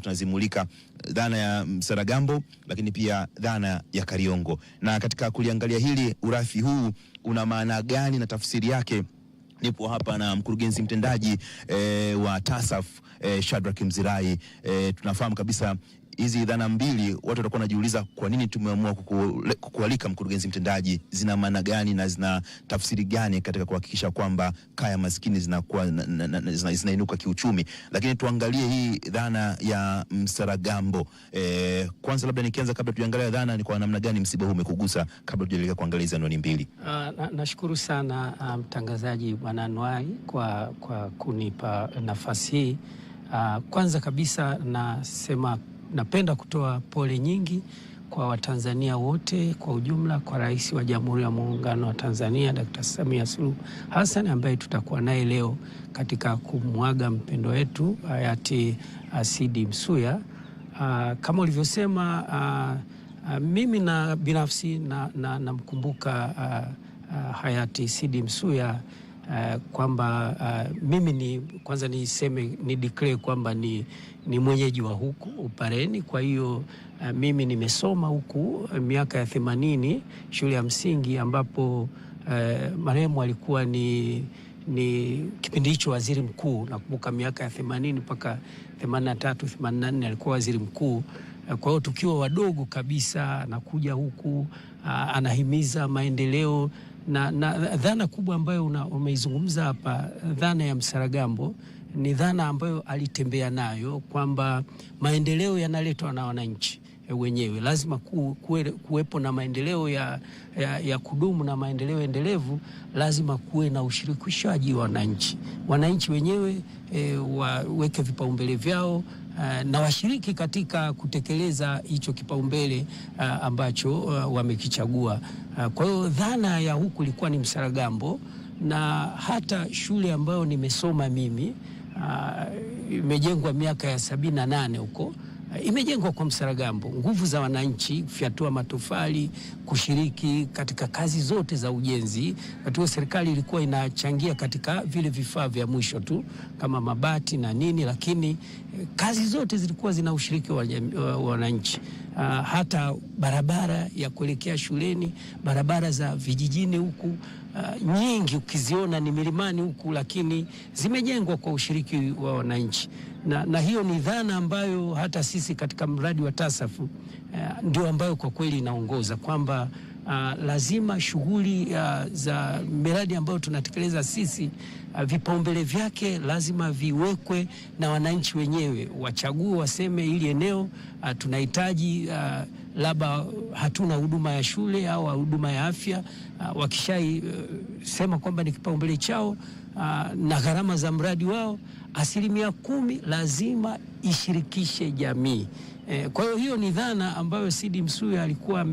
Tunazimulika dhana ya Msaragambo lakini pia dhana ya Kariongo, na katika kuliangalia hili urafi huu una maana gani na tafsiri yake, nipo hapa na mkurugenzi mtendaji e, wa TASAF e, Shadrack Mzirai. E, tunafahamu kabisa hizi dhana mbili watu watakuwa wanajiuliza kwa nini tumeamua kukualika mkurugenzi mtendaji, zina maana gani na zina tafsiri gani katika kuhakikisha kwamba kaya maskini zinakuwa zinainuka kiuchumi. Lakini tuangalie hii dhana ya msaragambo e, kwanza labda nikianza, kabla tujaangalia dhana ni kwa namna gani msiba huu umekugusa, kabla tujaelekea kuangalia hizi anwani mbili. Ah, nashukuru na sana ah, mtangazaji um, bwana Anwai kwa, kwa kunipa nafasi hii. Uh, kwanza kabisa nasema napenda kutoa pole nyingi kwa Watanzania wote kwa ujumla, kwa Rais wa Jamhuri ya Muungano wa Tanzania Dkt. Samia Suluhu Hassan ambaye tutakuwa naye leo katika kumwaga mpendo wetu hayati uh, Sidi Msuya. Aa, uh, kama ulivyosema, uh, mimi na binafsi namkumbuka na, na hayati Sidi Msuya uh, kwamba uh, mimi ni kwanza niseme ni declare kwamba ni, ni mwenyeji wa huku Upareni. Kwa hiyo uh, mimi nimesoma huku miaka ya themanini shule ya msingi ambapo uh, marehemu alikuwa ni ni kipindi hicho waziri mkuu. Nakumbuka miaka ya themanini mpaka themanini na tatu themanini na nne alikuwa waziri mkuu. Kwa hiyo tukiwa wadogo kabisa anakuja huku, anahimiza maendeleo na, na dhana kubwa ambayo umeizungumza hapa, dhana ya Msaragambo ni dhana ambayo alitembea nayo kwamba maendeleo yanaletwa na wananchi wenyewe. Lazima ku, kuwe, kuwepo na maendeleo ya, ya, ya kudumu na maendeleo endelevu, lazima kuwe na ushirikishaji wa wananchi. Wananchi wenyewe e, waweke vipaumbele vyao e, na washiriki katika kutekeleza hicho kipaumbele ambacho wamekichagua. Ah, kwa hiyo dhana ya huku ilikuwa ni Msaragambo, na hata shule ambayo nimesoma mimi uh, imejengwa miaka ya sabini na nane huko ah, imejengwa kwa Msaragambo, nguvu za wananchi kufyatua matofali, kushiriki katika kazi zote za ujenzi. Wakati huo serikali ilikuwa inachangia katika vile vifaa vya mwisho tu kama mabati na nini, lakini eh, kazi zote zilikuwa zina ushiriki wa wananchi uh, hata barabara ya kuelekea shuleni, barabara za vijijini huku uh, nyingi ukiziona ni milimani huku, lakini zimejengwa kwa ushiriki wa wananchi na, na hiyo ni dhana ambayo hata sisi katika mradi wa TASAF uh, ndio ambayo kwa kweli inaongoza kwamba uh, lazima shughuli uh, za miradi ambayo tunatekeleza sisi uh, vipaumbele vyake lazima viwekwe na wananchi wenyewe, wachague waseme, ili eneo uh, tunahitaji uh, labda hatuna huduma ya shule au huduma ya afya uh, wakishaisema uh, kwamba ni kipaumbele chao uh, na gharama za mradi wao asilimia kumi lazima ishirikishe jamii. Eh, kwa hiyo hiyo ni dhana ambayo Sidi Msuya alikuwa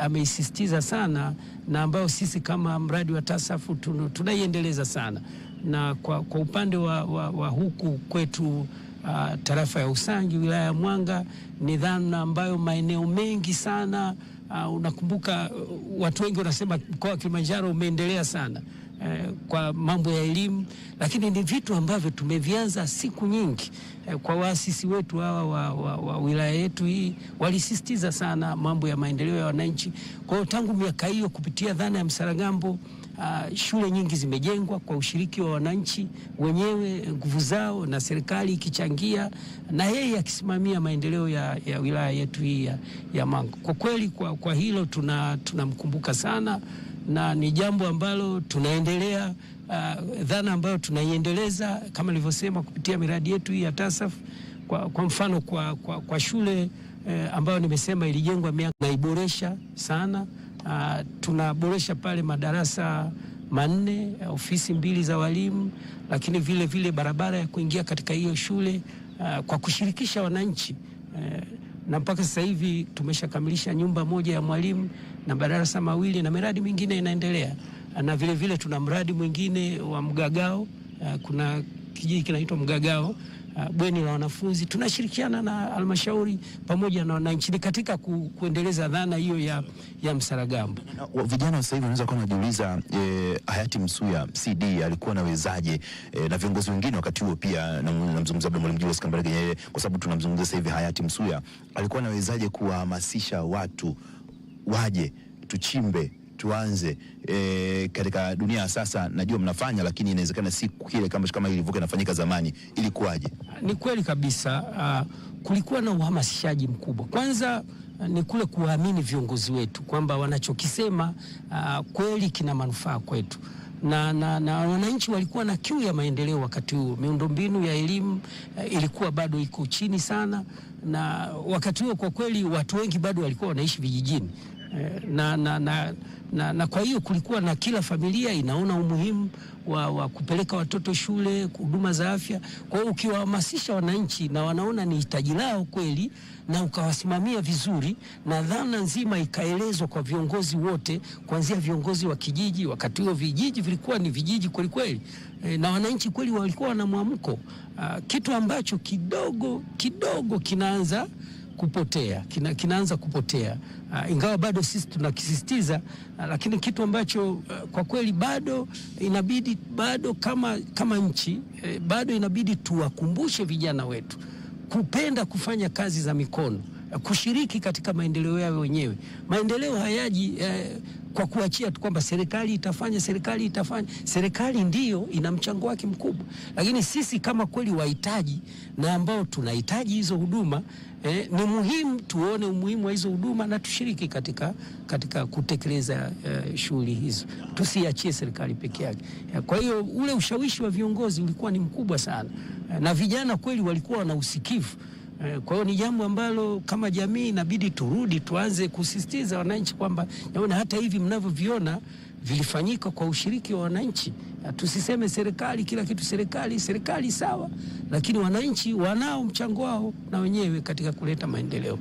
ameisisitiza ame sana na ambayo sisi kama mradi wa tasafu tunaiendeleza sana na kwa, kwa upande wa, wa, wa huku kwetu Uh, tarafa ya Usangi wilaya ya Mwanga ni dhana ambayo maeneo mengi sana uh, unakumbuka uh, watu wengi wanasema mkoa wa Kilimanjaro umeendelea sana. Eh, kwa mambo ya elimu, lakini ni vitu ambavyo tumevianza siku nyingi eh, kwa waasisi wetu hawa wa, wa, wa wilaya yetu hii walisisitiza sana mambo ya maendeleo ya wananchi. Kwa hiyo tangu miaka hiyo kupitia dhana ya Msaragambo Uh, ah, shule nyingi zimejengwa kwa ushiriki wa wananchi wenyewe, nguvu zao, na serikali ikichangia na yeye akisimamia maendeleo ya, ya wilaya yetu hii ya, ya Mangu. Kwa kweli kwa, kwa hilo tunamkumbuka tuna sana na ni jambo ambalo tunaendelea uh, dhana ambayo tunaiendeleza kama nilivyosema kupitia miradi yetu hii ya TASAF kwa, kwa mfano kwa, kwa, kwa shule eh, ambayo nimesema ilijengwa miaka naiboresha sana uh, tunaboresha pale madarasa manne, ofisi mbili za walimu, lakini vile vile barabara ya kuingia katika hiyo shule uh, kwa kushirikisha wananchi uh, na mpaka sasa hivi tumeshakamilisha nyumba moja ya mwalimu na madarasa mawili na miradi mingine inaendelea, na vilevile tuna mradi mwingine wa mgagao. Eh, kuna kijiji kinaitwa Mgagao uh, bweni la wanafunzi. Tunashirikiana na halmashauri pamoja na wananchi katika ku, kuendeleza dhana hiyo ya, ya Msaragambo. Vijana sasa hivi wanaweza kuwa wanajiuliza e, hayati Msuya CD alikuwa nawezaje e, na viongozi wengine wakati huo pia namzungumza na Mwalimu Julius Kambarage Nyerere kwa sababu tunamzungumza sasa hivi hayati Msuya alikuwa nawezaje kuwahamasisha watu waje tuchimbe tuanze e, katika dunia ya sasa najua mnafanya, lakini inawezekana si kile kama kama ilivyokuwa inafanyika zamani. Ilikuwaje? Ni kweli kabisa, uh, kulikuwa na uhamasishaji mkubwa. Kwanza ah, ni kule kuwaamini viongozi wetu kwamba wanachokisema uh, kweli kina manufaa kwetu na, na, na wananchi walikuwa na kiu ya maendeleo wakati huo. Miundombinu ya elimu uh, ilikuwa bado iko chini sana, na wakati huo kwa kweli watu wengi bado walikuwa wanaishi vijijini na, na, na, na, na kwa hiyo kulikuwa na kila familia inaona umuhimu wa, wa kupeleka watoto shule, huduma za afya. Kwa hiyo ukiwahamasisha wananchi na wanaona ni hitaji lao kweli, na ukawasimamia vizuri, na dhana nzima ikaelezwa kwa viongozi wote, kuanzia viongozi wa kijiji. Wakati huo vijiji vilikuwa ni vijiji kweli kweli, e, na wananchi kweli walikuwa na mwamko, kitu ambacho kidogo kidogo kinaanza kupotea kina, kinaanza kupotea uh, ingawa bado sisi tunakisisitiza uh, lakini kitu ambacho uh, kwa kweli bado inabidi bado kama, kama nchi eh, bado inabidi tuwakumbushe vijana wetu kupenda kufanya kazi za mikono uh, kushiriki katika maendeleo yao wenyewe. Maendeleo hayaji eh, kwa kuachia tu kwamba serikali itafanya serikali itafanya. Serikali ndiyo ina mchango wake mkubwa, lakini sisi kama kweli wahitaji na ambao tunahitaji hizo huduma eh, ni muhimu tuone umuhimu wa hizo huduma na tushiriki katika, katika kutekeleza eh, shughuli hizo, tusiachie serikali peke yake. Eh, kwa hiyo ule ushawishi wa viongozi ulikuwa ni mkubwa sana eh, na vijana kweli walikuwa wana usikivu eh, kwa hiyo ni jambo ambalo kama jamii inabidi turudi tuanze kusisitiza wananchi kwamba, naona yaani hata hivi mnavyoviona vilifanyika kwa ushiriki wa wananchi. Tusiseme serikali kila kitu, serikali serikali sawa, lakini wananchi wanao mchango wao na wenyewe katika kuleta maendeleo.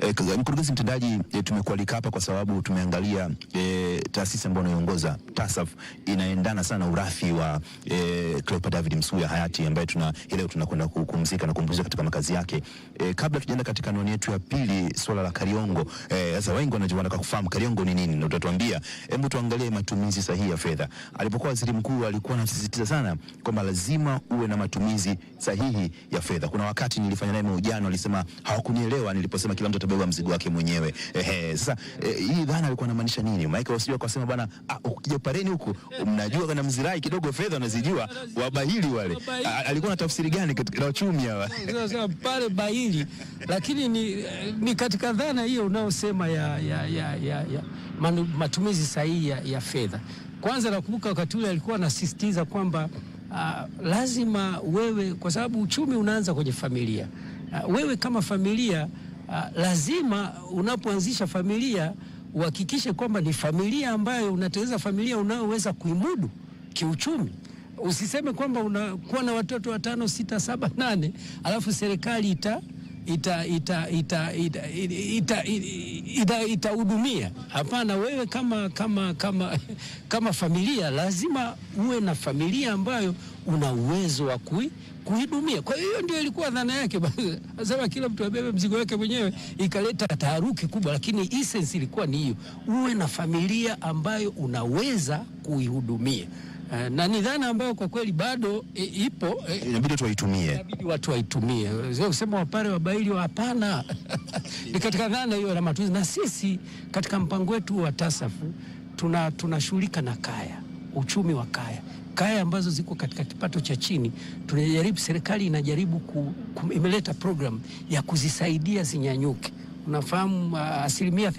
E, mkurugenzi mtendaji e, tumekualika hapa kwa sababu tumeangalia e, taasisi ambayo unaiongoza TASAF inaendana sana na urathi wa e, Cleopa David Msuya hayati ambaye tuna leo tunakwenda kukumzika na kumbuliza katika makazi yake. E, kabla tujaenda katika anwani yetu ya pili, swala la Kariongo, sasa e, wengi wanataka kufahamu Kariongo ni nini, na utatuambia. Hebu tuangalie matumizi sahihi ya fedha alipokuwa waziri mkuu mkuu alikuwa anasisitiza sana kwamba lazima uwe na matumizi sahihi ya fedha. Kuna wakati nilifanya naye mahojiano, alisema hawakunielewa niliposema kila mtu atabeba mzigo wake mwenyewe. Ehe, sasa e, hii dhana alikuwa anamaanisha nini? Maana wasijua akasema bwana, ukija pareni huku mnajua kana mzirai kidogo fedha unazijua wabahili wale. Alikuwa na tafsiri gani katika na uchumi hawa? Sasa pale bahili lakini ni, ni katika dhana hiyo unaosema ya, ya, ya, ya, ya matumizi sahihi ya, ya fedha. Kwanza nakumbuka wakati ule alikuwa anasisitiza kwamba uh, lazima wewe, kwa sababu uchumi unaanza kwenye familia uh, wewe kama familia uh, lazima unapoanzisha familia uhakikishe kwamba ni familia ambayo unatengeneza familia unayoweza kuimudu kiuchumi. Usiseme kwamba unakuwa na watoto watano, sita, saba, nane alafu serikali ita itahudumia ita, ita, ita, ita, ita, ita. Hapana, wewe kama, kama, kama, kama familia lazima uwe na familia ambayo una uwezo wa kui kuhudumia. Kwa hiyo ndio ilikuwa dhana yake, anasema kila mtu abebe mzigo wake mwenyewe, ikaleta taharuki kubwa, lakini essence ilikuwa ni hiyo, uwe na familia ambayo unaweza kuihudumia. Eh, na ni dhana ambayo kwa kweli bado e, ipo e, inabidi watu waitumie, inabidi watu waitumie. Sio kusema wapare wabaili, hapana. Ni katika dhana hiyo ya matumizi, na sisi katika mpango wetu wa tasafu tuna tunashughulika na kaya, uchumi wa kaya, kaya ambazo ziko katika kipato cha chini. Tunajaribu, serikali inajaribu ku, ku, imeleta program ya kuzisaidia zinyanyuke. Unafahamu uh, asilimia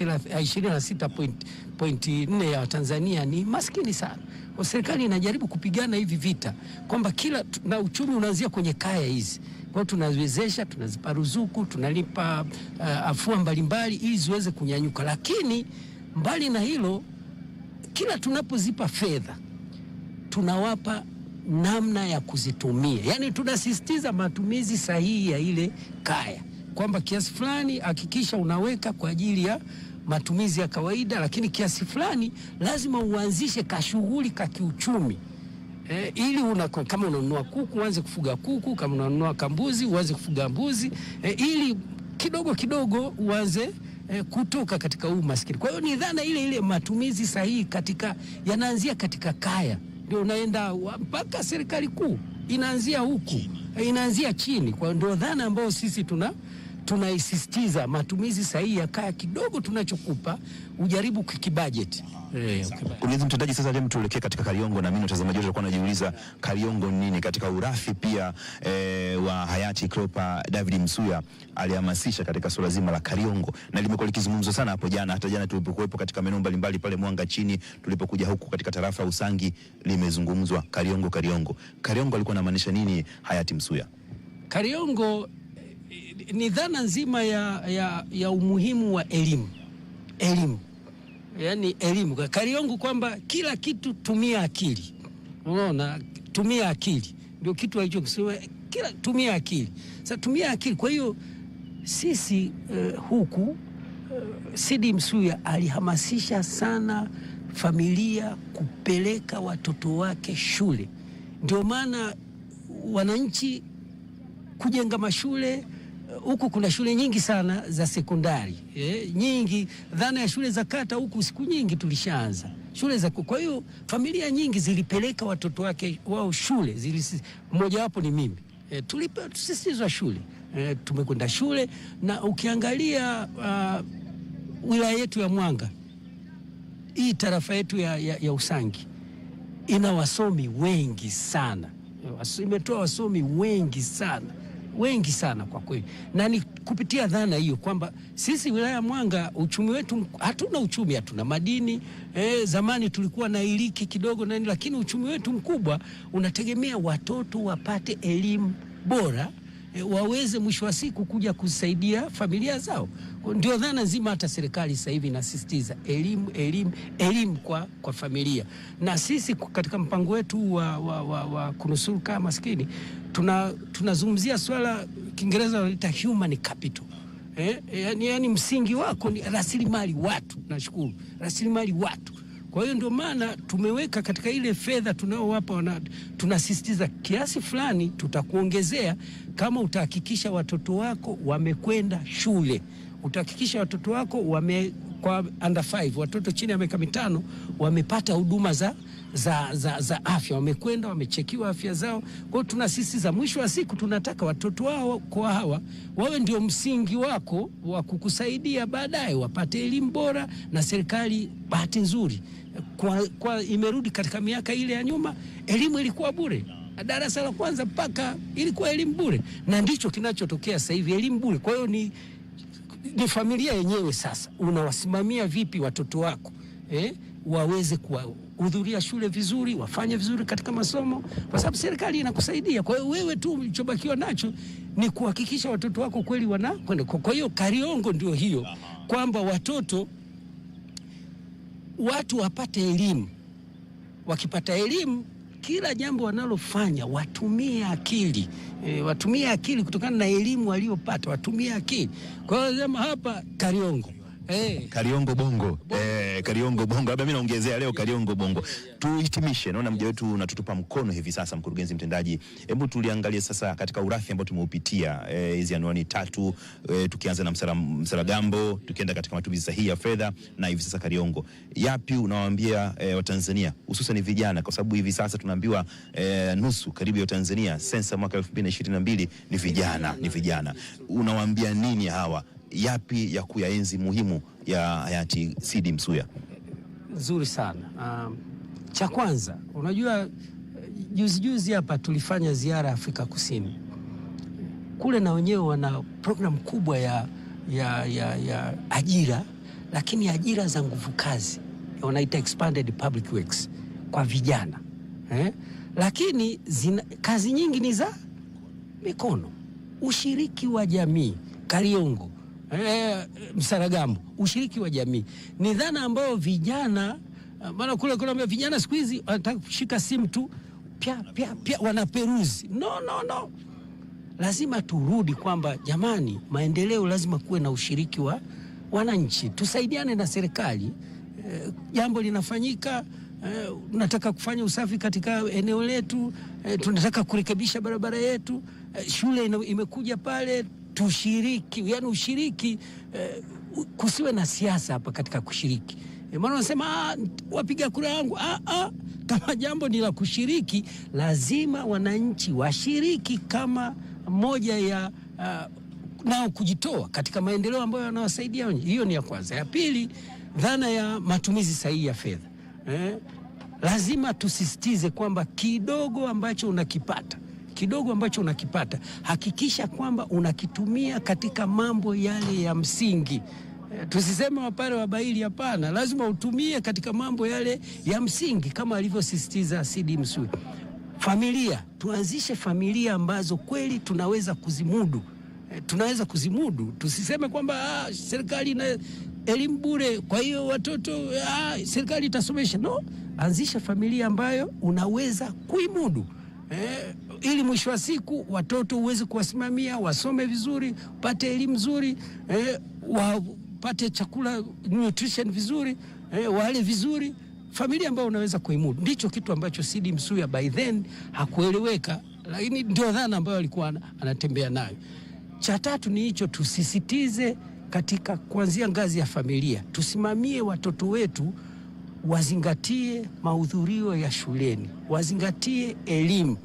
uh, nne ya Watanzania ni maskini sana. Kwa serikali inajaribu kupigana hivi vita kwamba kila na uchumi unaanzia kwenye kaya hizi kwao, tunaziwezesha tunazipa ruzuku, tunalipa uh, afua mbalimbali ili ziweze kunyanyuka. Lakini mbali na hilo, kila tunapozipa fedha tunawapa namna ya kuzitumia, yaani tunasisitiza matumizi sahihi ya ile kaya kwamba kiasi fulani hakikisha unaweka kwa ajili ya matumizi ya kawaida, lakini kiasi fulani lazima uanzishe kashughuli ka kiuchumi e, ili una, kama unanunua kuku uanze kufuga kuku, kama unanunua kambuzi uanze kufuga mbuzi e, ili kidogo kidogo uanze e, kutoka katika huu maskini. Kwa hiyo ni dhana ile ile, matumizi sahihi katika yanaanzia katika kaya, ndio unaenda mpaka serikali kuu inaanzia huku, inaanzia chini, kwa ndio dhana ambayo sisi tuna tunaisisitiza matumizi sahihi ya kaya kidogo tunachokupa ujaribu kikibajeti. Eh, okay. Mtendaji, sasa hebu tuelekee katika Kariongo na mimi mtazamaji wetu alikuwa anajiuliza Kariongo nini katika urafi pia e, wa hayati Cleopa David Msuya alihamasisha katika suala zima la Kariongo na limekuwa likizungumzwa sana hapo jana, hata jana tulipokuwepo katika maeneo mbalimbali pale Mwanga chini tulipokuja huku katika tarafa ya Usangi limezungumzwa Kariongo. Kariongo, Kariongo alikuwa anamaanisha nini hayati Msuya? Kariongo ni dhana nzima ya, ya, ya umuhimu wa elimu elimu, yani elimu kariongu kwamba kila kitu tumia akili. Unaona, tumia akili ndio kitu kusema, kila tumia akili. Sasa tumia akili, kwa hiyo sisi uh, huku uh, eh, Sidi Msuya alihamasisha sana familia kupeleka watoto wake shule, ndio maana wananchi kujenga mashule huku kuna shule nyingi sana za sekondari eh, nyingi. Dhana ya shule za kata huku siku nyingi tulishaanza shule za. Kwa hiyo familia nyingi zilipeleka watoto wake wao shule, mmojawapo ni mimi eh, tulisisitizwa shule eh, tumekwenda shule na ukiangalia uh, wilaya yetu ya Mwanga hii tarafa yetu ya, ya, ya Usangi ina wasomi wengi sana, imetoa wasomi wengi sana wengi sana kwa kweli, na ni kupitia dhana hiyo kwamba sisi wilaya ya Mwanga uchumi wetu hatuna uchumi, hatuna madini e, zamani tulikuwa na iliki kidogo nani, lakini uchumi wetu mkubwa unategemea watoto wapate elimu bora Eh, waweze mwisho wa siku kuja kusaidia familia zao. Ndio dhana nzima, hata serikali sasa hivi inasisitiza elimu, elimu, elimu kwa, kwa familia. Na sisi katika mpango wetu wa, wa, wa, wa kunusuru kaya maskini tunazungumzia tuna swala Kiingereza wanaita human capital eh, eh, yani, yani msingi wako ni rasilimali watu. Nashukuru rasilimali watu kwa hiyo ndio maana tumeweka katika ile fedha tunaowapa, tunasisitiza kiasi fulani tutakuongezea kama utahakikisha watoto wako wamekwenda shule, utahakikisha watoto wako wame, kwa under 5 watoto chini ya miaka mitano wamepata huduma za za, za, za afya, wamekwenda wamechekiwa afya zao. Kwa hiyo za mwisho wa siku tunataka watoto wao kwa hawa wawe ndio msingi wako wa kukusaidia baadaye, wapate elimu bora. Na serikali bahati nzuri kwa, kwa imerudi katika miaka ile ya nyuma, elimu ilikuwa bure darasa la kwanza mpaka ilikuwa elimu bure, na ndicho kinachotokea sasa hivi, elimu bure. Kwa hiyo ni, ni familia yenyewe sasa, unawasimamia vipi watoto wako eh? waweze kuhudhuria shule vizuri, wafanye vizuri katika masomo, kwa sababu serikali inakusaidia. Kwa hiyo wewe tu ulichobakiwa nacho ni kuhakikisha watoto wako kweli wanakwenda. Kwa hiyo Kariongo ndio hiyo kwamba watoto watu wapate elimu. Wakipata elimu, kila jambo wanalofanya watumie akili e, watumie akili kutokana na elimu waliopata, watumie akili. Kwa hiyo hapa Kariongo Kariongo Bongo, Bongo. Eh, Kariongo Bongo, labda mimi naongezea leo Kariongo Bongo Tuhitimishe, naona mja wetu unatutupa mkono hivi sasa, mkurugenzi mtendaji, hebu tuliangalie sasa katika urathi ambao tumeupitia eh, hizi eh, anwani tatu eh, tukianza na msala, msala gambo tukienda katika matumizi sahihi ya fedha na hivi sasa Kariongo, yapi unawaambia eh, Watanzania hususan vijana, kwa sababu hivi sasa tunaambiwa eh, nusu karibu ya Tanzania sensa mwaka 2022 ni vijana, ni vijana, unawaambia nini hawa yapi ya kuyaenzi muhimu ya hayati Sidi Msuya? Nzuri sana. Um, cha kwanza unajua eh, juzi juzi hapa tulifanya ziara ya Afrika Kusini kule, na wenyewe wana programu kubwa ya, ya, ya, ya ajira, lakini ajira za nguvu kazi wanaita expanded public works kwa vijana eh? Lakini zina, kazi nyingi ni za mikono, ushiriki wa jamii Kariongo e, eh, Msaragambo, ushiriki wa jamii ni dhana ambayo vijana eh, maana kule kuna vijana siku hizi wanataka kushika simu tu pia, pia, pia wanaperuzi. No, no, no, lazima turudi kwamba jamani, maendeleo lazima kuwe na ushiriki wa wananchi, tusaidiane na serikali. E, jambo linafanyika e, kufanya usafi katika eneo letu e, tunataka kurekebisha barabara yetu e, shule ina, imekuja pale tushiriki, yani ushiriki eh, kusiwe na siasa hapa katika kushiriki e, maana wanasema ah, wapiga kura yangu ah, ah, kama jambo ni la kushiriki, lazima wananchi washiriki kama moja ya a, nao kujitoa katika maendeleo ambayo yanawasaidia. Hiyo ni ya kwanza. Ya pili, dhana ya matumizi sahihi ya fedha eh, lazima tusisitize kwamba kidogo ambacho unakipata kidogo ambacho unakipata, hakikisha kwamba unakitumia katika mambo yale ya msingi. Eh, tusiseme wa wabaili, hapana, lazima utumie katika mambo yale ya msingi kama alivyosisitiza Sidi Msui. Familia, tuanzishe familia ambazo kweli tunaweza kuzimudu eh, tunaweza kuzimudu. Tusiseme kwamba ah, serikali ina elimu bure, kwa hiyo watoto ah, serikali itasomesha. No, anzisha familia ambayo unaweza kuimudu eh ili mwisho wa siku watoto uweze kuwasimamia wasome vizuri, upate elimu nzuri eh, wapate chakula nutrition vizuri eh, wale vizuri familia ambayo unaweza kuimudu. Ndicho kitu ambacho Sidi Msuya by then hakueleweka, lakini ndio dhana ambayo alikuwa anatembea nayo. Cha tatu ni hicho, tusisitize katika kuanzia ngazi ya familia, tusimamie watoto wetu wazingatie mahudhurio ya shuleni, wazingatie elimu,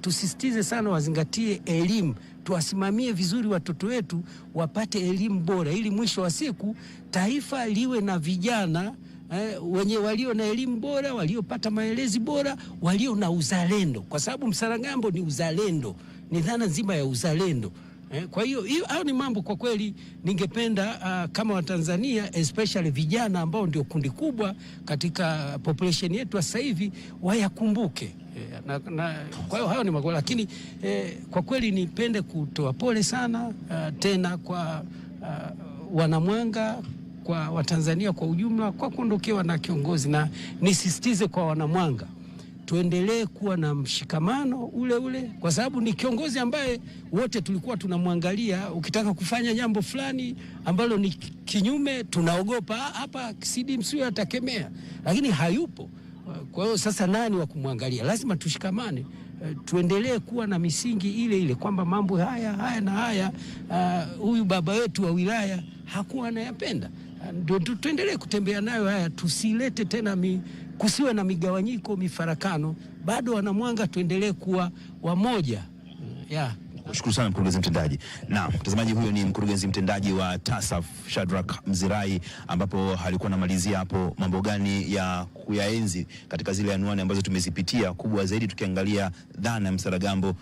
tusisitize sana, wazingatie elimu, tuwasimamie vizuri watoto wetu wapate elimu bora, ili mwisho wa siku taifa liwe na vijana eh, wenye walio na elimu bora, waliopata maelezi bora, walio na uzalendo, kwa sababu Msaragambo ni uzalendo, ni dhana nzima ya uzalendo. Eh, kwa hiyo hayo ni mambo kwa kweli ningependa uh, kama Watanzania especially vijana ambao ndio kundi kubwa katika population yetu sasa hivi wayakumbuke. Eh, na, na, kwa hiyo hayo ni magola lakini eh, kwa kweli nipende kutoa pole sana uh, tena kwa uh, Wanamwanga kwa Watanzania kwa ujumla kwa kuondokewa na kiongozi, na nisisitize kwa Wanamwanga tuendelee kuwa na mshikamano ule ule, kwa sababu ni kiongozi ambaye wote tulikuwa tunamwangalia. Ukitaka kufanya jambo fulani ambalo ni kinyume, tunaogopa ah, hapa Sidi Msuya atakemea, lakini hayupo. Kwa hiyo sasa nani wa kumwangalia? Lazima tushikamane, eh, tuendelee kuwa na misingi ile ile kwamba mambo haya haya na haya ah, huyu uh, baba wetu wa wilaya hakuwa anayapenda, ah, ndio tuendelee kutembea nayo haya, tusilete tena mi, kusiwe na migawanyiko, mifarakano. Bado wanamwanga tuendelee kuwa wamoja yeah. Shukuru sana mkurugenzi mtendaji. Na mtazamaji, huyo ni mkurugenzi mtendaji wa TASAF Shadrack Mzirai, ambapo alikuwa anamalizia hapo mambo gani ya kuyaenzi katika zile anwani ambazo tumezipitia, kubwa zaidi tukiangalia dhana ya msaragambo.